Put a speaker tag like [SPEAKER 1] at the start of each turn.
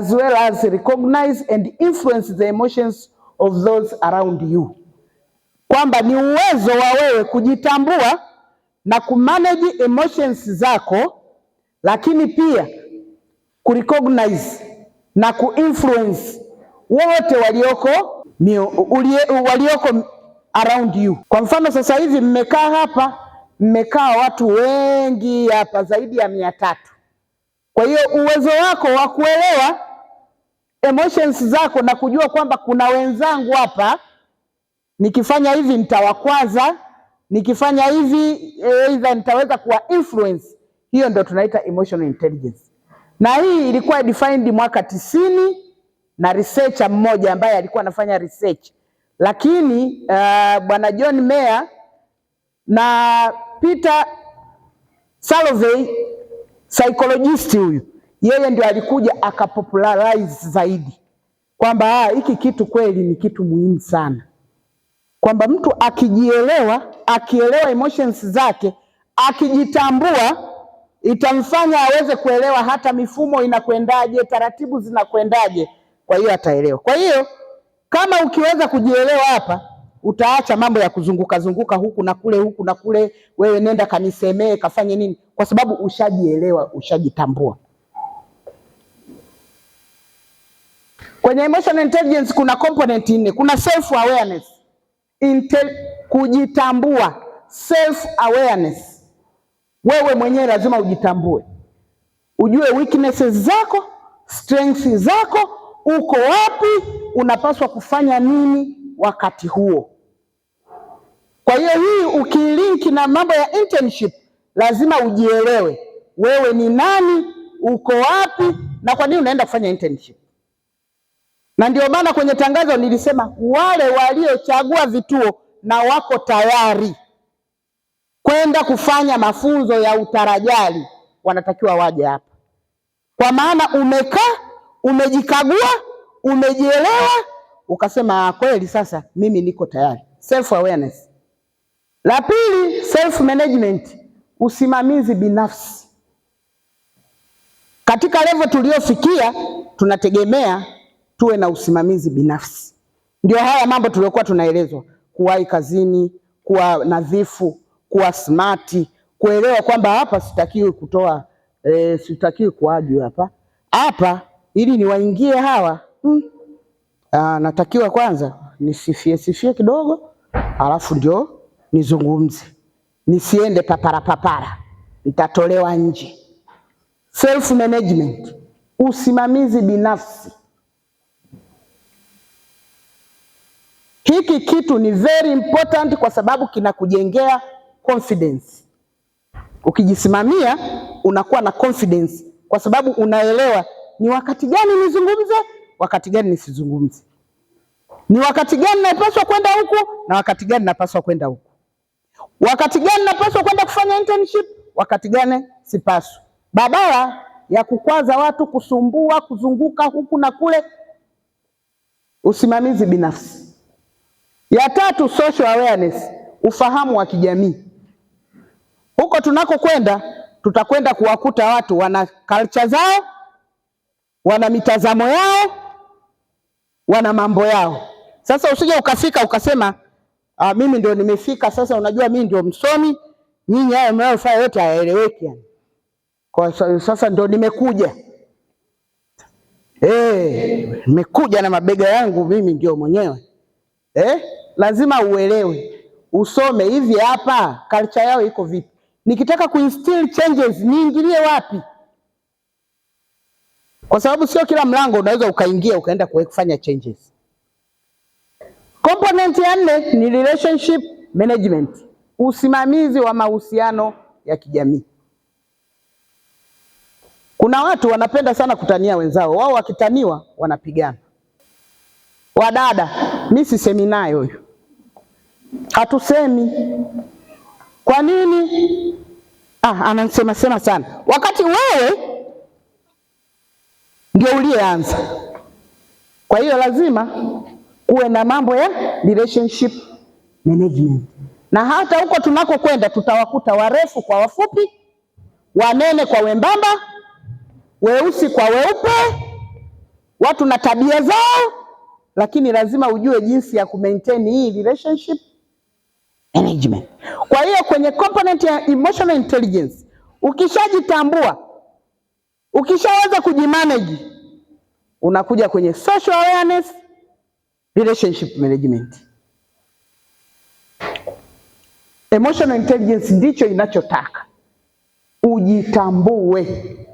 [SPEAKER 1] as well as recognize and influence the emotions of those around you, kwamba ni uwezo wa wewe kujitambua na kumanage emotions zako, lakini pia kurecognize na kuinfluence wote walioko walioko around you. Kwa mfano sasa hivi mmekaa hapa, mmekaa watu wengi hapa zaidi ya mia tatu. Kwa hiyo uwezo wako wa kuelewa emotions zako na kujua kwamba kuna wenzangu hapa, nikifanya hivi nitawakwaza, nikifanya hivi aidha eh, nitaweza kuwa influence. Hiyo ndio tunaita emotional intelligence, na hii ilikuwa defined mwaka tisini na researcher mmoja ambaye alikuwa anafanya research, lakini uh, bwana John Mayer na Peter Salovey psychologist huyu yeye ndio alikuja akapopularize zaidi kwamba ah, hiki kitu kweli ni kitu muhimu sana, kwamba mtu akijielewa, akielewa emotions zake, akijitambua itamfanya aweze kuelewa hata mifumo inakwendaje, taratibu zinakwendaje. Kwa hiyo ataelewa. Kwa hiyo kama ukiweza kujielewa hapa, utaacha mambo ya kuzunguka zunguka huku na kule huku na kule, wewe nenda kanisemee, kafanye nini, kwa sababu ushajielewa, ushajitambua. Kwenye emotional intelligence kuna component nne. Kuna self awareness, Intel, kujitambua, self awareness. Wewe mwenyewe lazima ujitambue, ujue weaknesses zako, strengths zako, uko wapi, unapaswa kufanya nini wakati huo. Kwa hiyo hii ukilinki na mambo ya internship, lazima ujielewe wewe ni nani, uko wapi na kwa nini unaenda kufanya internship na ndio maana kwenye tangazo nilisema wale waliochagua vituo na wako tayari kwenda kufanya mafunzo ya utarajali wanatakiwa waje hapa, kwa maana umekaa umejikagua, umejielewa, ukasema ah, kweli, sasa mimi niko tayari. Self awareness. La pili, self management, usimamizi binafsi. Katika level tuliyofikia, tunategemea tuwe na usimamizi binafsi. Ndio haya mambo tuliokuwa tunaelezwa, kuwahi kazini, kuwa nadhifu, kuwa smart, kuelewa kwamba hapa sitakiwi kutoa e, sitakiwi kuaju hapa hapa, ili niwaingie hawa hmm. Aa, ah, natakiwa kwanza nisifie sifie kidogo, alafu ndio nizungumze, nisiende papara papara, nitatolewa nje. Self management, usimamizi binafsi Hiki kitu ni very important kwa sababu kinakujengea confidence. Ukijisimamia unakuwa na confidence kwa sababu unaelewa ni wakati gani nizungumze, wakati gani nisizungumze, ni wakati gani napaswa kwenda huku na wakati gani napaswa kwenda huku, wakati gani napaswa kwenda kufanya internship, wakati gani sipaswi, badala ya kukwaza watu, kusumbua, kuzunguka huku na kule. Usimamizi binafsi ya tatu, social awareness, ufahamu wa kijamii. Huko tunakokwenda tutakwenda kuwakuta watu wana culture zao, wana mitazamo yao, wana mambo yao. Sasa usije ukafika ukasema ah, mimi ndio nimefika sasa, unajua mimi ndio msomi, nyinyi haya mnayofanya yote hayaeleweki yani. Kwa sasa ndio nimekuja eh, nimekuja na mabega yangu mimi ndio mwenyewe eh? Lazima uelewe, usome hivi, hapa culture yao iko vipi? Nikitaka kuinstill changes niingilie wapi? Kwa sababu sio kila mlango unaweza ukaingia ukaenda kufanya changes. Component ya nne ni relationship management, usimamizi wa mahusiano ya kijamii. Kuna watu wanapenda sana kutania wenzao, wao wakitaniwa wanapigana. Wadada mi sisemi nayo huyo hatusemi. Kwa nini? Ah, anasema sema sana, wakati wewe ndio uliyeanza. Kwa hiyo lazima kuwe na mambo ya relationship management, na hata huko tunakokwenda tutawakuta warefu kwa wafupi, wanene kwa wembamba, weusi kwa weupe, watu na tabia zao lakini lazima ujue jinsi ya maintain hii relationship management. Kwa hiyo kwenye component ya emotional intelligence, ukishajitambua, ukishaweza kujimanage, unakuja kwenye social awareness, relationship management. Emotional intelligence ndicho inachotaka ujitambue.